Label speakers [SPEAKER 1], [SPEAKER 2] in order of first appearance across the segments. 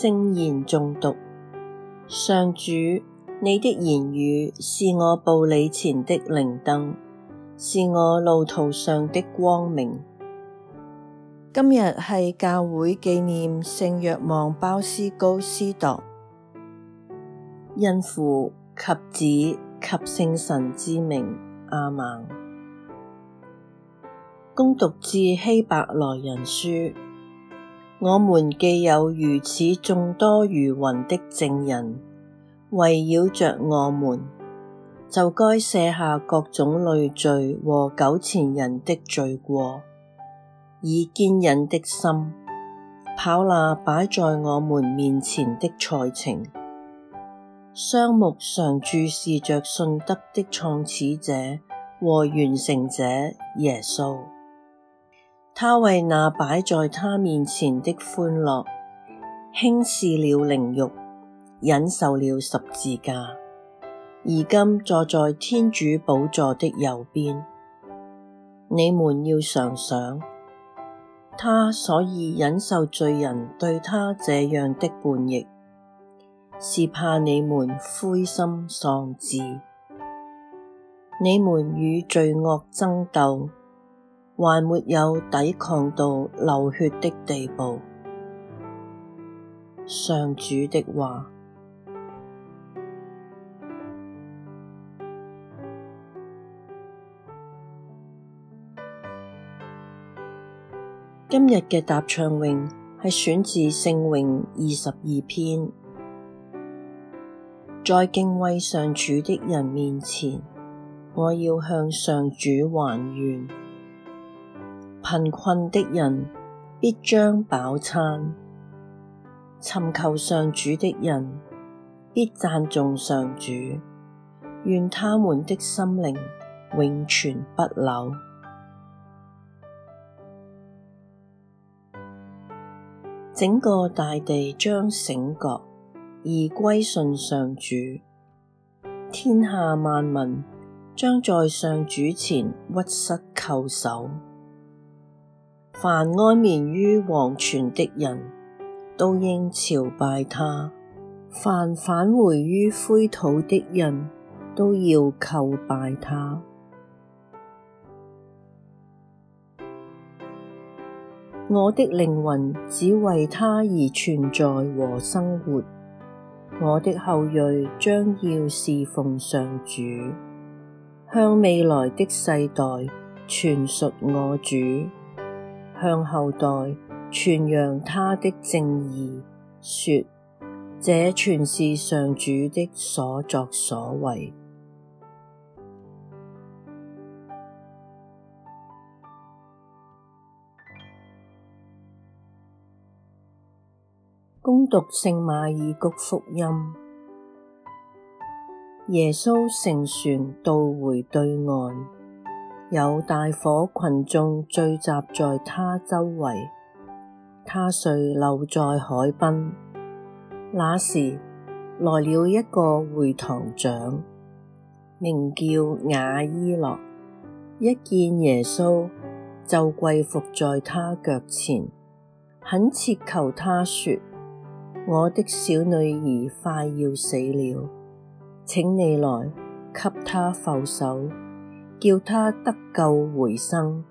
[SPEAKER 1] 聖言誦讀。上主，你的言語是我步履前的靈燈，是我路途上的光明。今日係教會紀念聖若望鮑思高司鐸。因父及子及聖神之名，阿們。恭讀致希伯來人書。我們既有如此眾多如雲的證人，圍繞着我們，就該卸下各種累贅和糾纏人的罪過，以堅忍的心，跑那擺在我們面前的賽程，雙目常注視着信德的創始者和完成者耶穌。他為那擺在他面前的歡樂，輕視了凌辱，忍受了十字架，而今坐在天主寶座的右邊。你們要常想，他所以忍受罪人對他這樣的叛逆，是怕你們灰心喪志，你們與罪惡爭鬥。還沒有抵抗到流血的地步。上主的話，今日嘅答唱詠係選自聖詠二十二篇，在敬畏上主的人面前，我要向上主還願。貧困的人必將飽餐，尋求上主的人必讚頌上主。願他們的心靈永存不朽。整個大地將醒覺而歸順上主，天下萬民將在上主前屈膝叩首。凡安眠於黃泉的人，都應朝拜他；凡返回於灰土的人，都要叩拜他。我的靈魂只為他而存在和生活，我的後裔將要事奉上主，向未來的世代傳述我主。向後代傳揚他的正義，說：這全是上主的所作所為。恭讀聖馬爾谷福音，耶穌乘船渡回對岸。有大夥群眾聚集在他周圍，他遂留在海濱。那時來了一個會堂長，名叫雅依洛，一見耶穌就跪伏在他腳前，懇切求他說：我的小女兒快要死了，請你來給她覆手。叫他得救回生。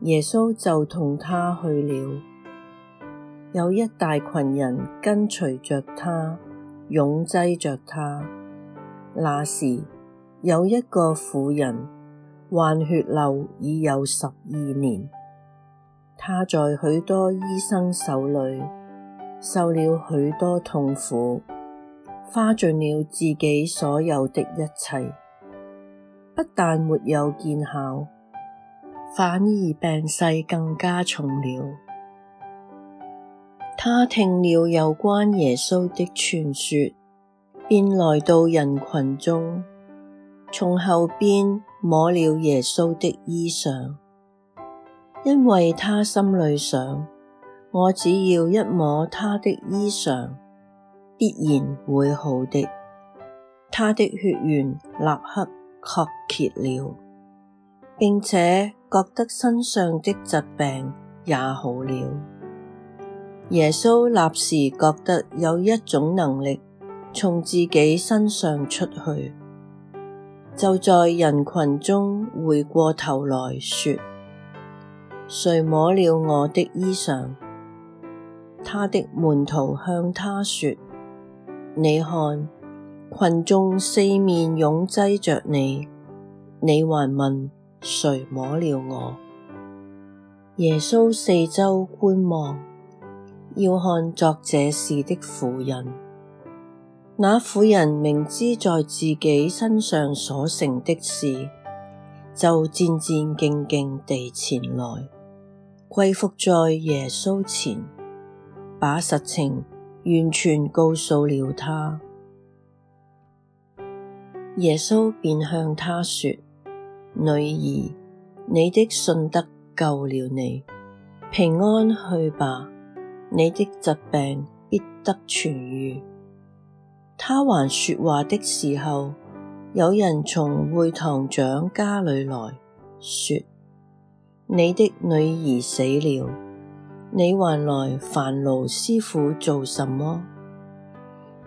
[SPEAKER 1] 耶穌就同他去了，有一大群人跟隨着他，擁擠着他。那時有一個婦人患血漏已有十二年，他在許多醫生手裏受了許多痛苦，花盡了自己所有的一切。不但沒有見效，反而病勢更加重了。他聽了有關耶穌的傳說，便來到人群中，從後邊摸了耶穌的衣裳，因為他心裏想：我只要一摸他的衣裳，必然會好的。他的血源立刻。涸竭了，並且覺得身上的疾病也好了。耶穌立時覺得有一種能力從自己身上出去，就在人群中回過頭來說：誰摸了我的衣裳？他的門徒向他說：你看。群眾四面擁擠着你，你還問誰摸了我？耶穌四周觀望，要看作這事的婦人。那婦人明知在自己身上所成的事，就戰戰兢兢地前來，跪伏在耶穌前，把實情完全告訴了他。耶穌便向他說：女兒，你的信德救了你，平安去吧，你的疾病必得痊愈。他還說話的時候，有人從會堂長家裏來說：你的女兒死了，你還來煩勞師傅做什麼？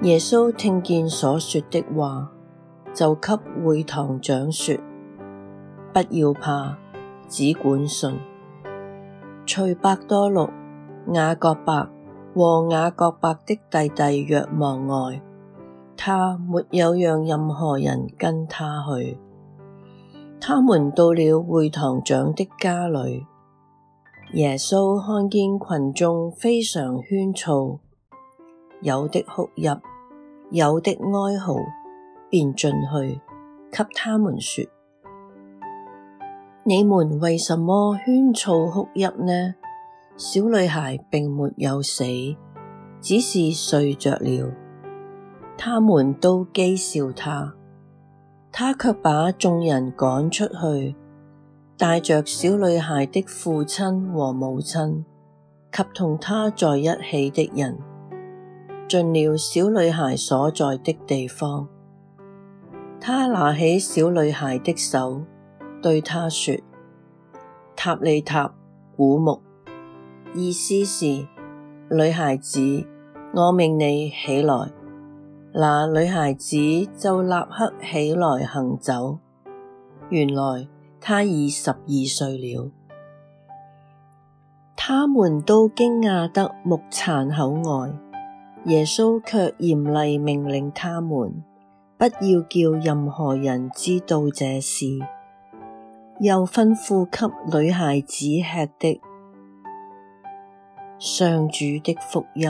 [SPEAKER 1] 耶穌聽見所說的話。就給會堂長說，不要怕，只管信。除伯多祿、雅各伯和雅各伯的弟弟若望外，他沒有讓任何人跟他去。他們到了會堂長的家裏，耶穌看見群眾非常喧噪，有的哭泣，有的哀嚎。便進去，給他們說：你們為什麼喧噪哭泣呢？小女孩並沒有死，只是睡着了。他們都譏笑他，他卻把眾人趕出去，帶着小女孩的父親和母親及同他在一起的人，進了小女孩所在的地方。他拿起小女孩的手，對她說：塔里塔古木，意思是女孩子，我命你起來。那女孩子就立刻起來行走。原來她已十二歲了。他們都驚訝得目瞪口呆，耶穌卻嚴厲命，命令他們。不要叫任何人知道這事，又吩咐給女孩子吃的。上主的福音。